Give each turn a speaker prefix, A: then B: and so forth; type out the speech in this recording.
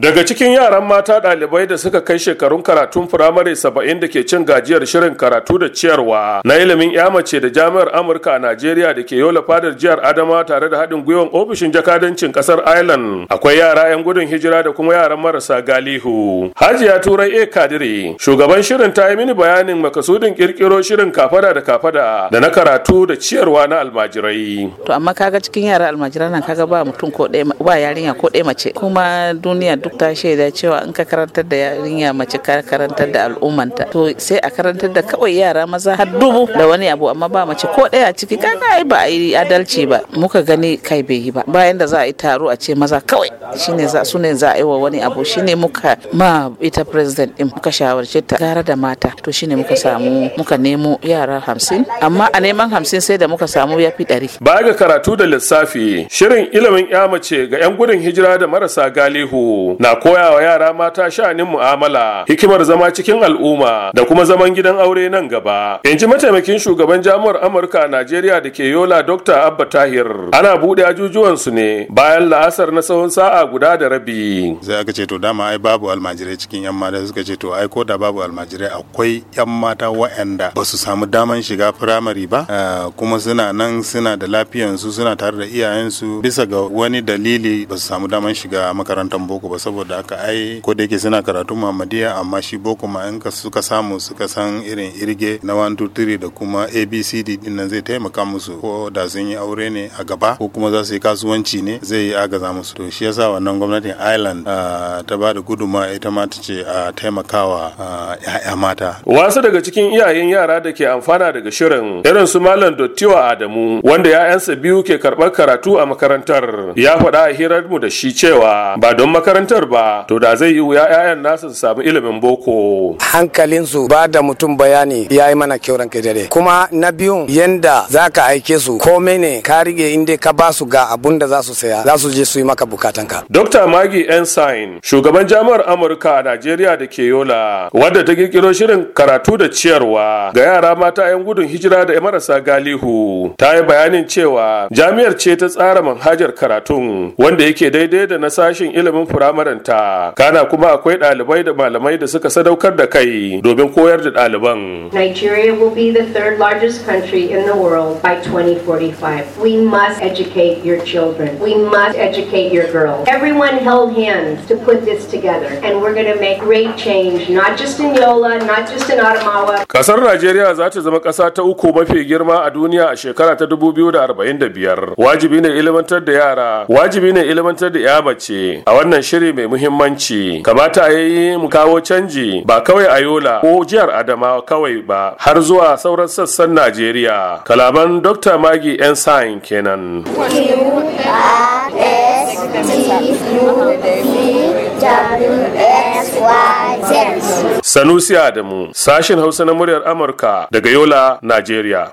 A: Daga cikin yaran mata ɗalibai da suka kai shekarun karatun firamare saba'in da ke cin gajiyar shirin karatu da ciyarwa na ilimin ya mace da jami'ar Amurka a Najeriya da ke yola fadar jihar Adama tare da haɗin gwiwan ofishin jakadancin ƙasar Ireland akwai yara 'yan gudun hijira da kuma yaran marasa galihu. Hajiya Turai A Kadiri shugaban shirin ta yi mini bayanin makasudin ƙirƙiro shirin kafada da kafada da na karatu da ciyarwa na almajirai.
B: To amma kaga cikin yara almajirai nan kaga ba mutum ko ɗaya ba yarinya ko ɗaya mace kuma duniya duk ta shaida cewa in ka karantar da yarinya mace ka karantar da al'ummanta to sai a karantar da kawai yara maza har dubu da wani abu amma ba mace ko ɗaya ciki kaga ai ba a yi adalci ba muka gani kai bai yi ba bayan da za a yi taro a ce maza kawai shine za su ne za a yi wa wani abu shine muka ma ita president din muka shawarce ta gara da mata to shine muka samu muka nemo yara hamsin amma a neman hamsin sai da muka samu ya fi ɗari. baya ga
A: karatu da lissafi shirin ilimin ya mace ga 'yan gudun hijira da marasa galihu na koyawa yara mata sha'anin mu'amala hikimar zama cikin al'umma da kuma zaman gidan aure nan gaba in ji mataimakin shugaban jami'ar amurka najeriya da ke yola dr abba tahir
C: ana buɗe su ne bayan la'asar na tsawon sa'a guda da rabi. Zai aka ce to dama ai babu almajirai cikin yan mata suka ce to ai ko da babu almajirai akwai yan mata wa'anda ba su samu daman shiga firamare ba ah, kuma suna nan suna da lafiyansu suna tare da iyayensu bisa ga wani dalili ba su samu daman shiga makarantar boko ba saboda haka ai ko da yake suna karatu Muhammadiya amma shi boko ma in suka samu suka san irin irge na 1 2 3 da kuma ABCD din nan zai taimaka musu ko da sun yi aure ne a gaba ko kuma za su yi kasuwanci ne zai yi agaza musu to shi yasa wannan gwamnatin Ireland ah, ta ba da guduma ita ma ta ce a taimakawa ah, ‘ya'ya mata.
A: Wasu daga cikin iyayen yara da ke amfana daga shirin irin su Malam Dottiwa Adamu wanda ‘ya'yansa biyu ke karɓar karatu a makarantar ya faɗa a hirar mu da shi cewa ba don makarantar ba to da zai yi wuya ‘ya'yan nasu su samu ilimin boko. su ba da mutum bayani ya yi mana kyau ranka dare. Kuma na biyun yanda za ka aike su ko ne ka rige inda ka ba su ga abun da za su saya za su je su yi maka bukatanka. Dr. Maggie Ensign, shugaban jami'ar Amurka a Najeriya da ke Yola, wadda ta kirkiro shirin karatu da ciyarwa ga yara mata 'yan gudun hijira da marasa galihu, ta yi bayanin cewa jami'ar ce ta tsara manhajar karatun wanda yake daidai da na sashen ilimin ta, Kana kuma akwai ɗalibai da malamai da suka sadaukar da kai domin koyar da ɗaliban.
C: Nigeria will be the third largest country in the world by 2045. We must educate your children. We must educate your girls. Everyone held hands to put this together, and we're going to make great change, not just in Yola, not just in Adamawa.
A: Kasar Najeriya za ta zama kasa ta uku mafi girma a duniya a shekara ta 2045. Wajibi ne ilimantar da yara, wajibi ne ilimantar da ya mace a wannan shiri mai muhimmanci. Kamata a yi mu kawo canji ba kawai a Yola ko jihar Adamawa kawai ba, har zuwa sauran sassan Najeriya. Kalaban Dr. Maggie Ensign kenan. q Sanusi Adamu, sashin Hausa na muryar Amurka daga Yola, Najeriya.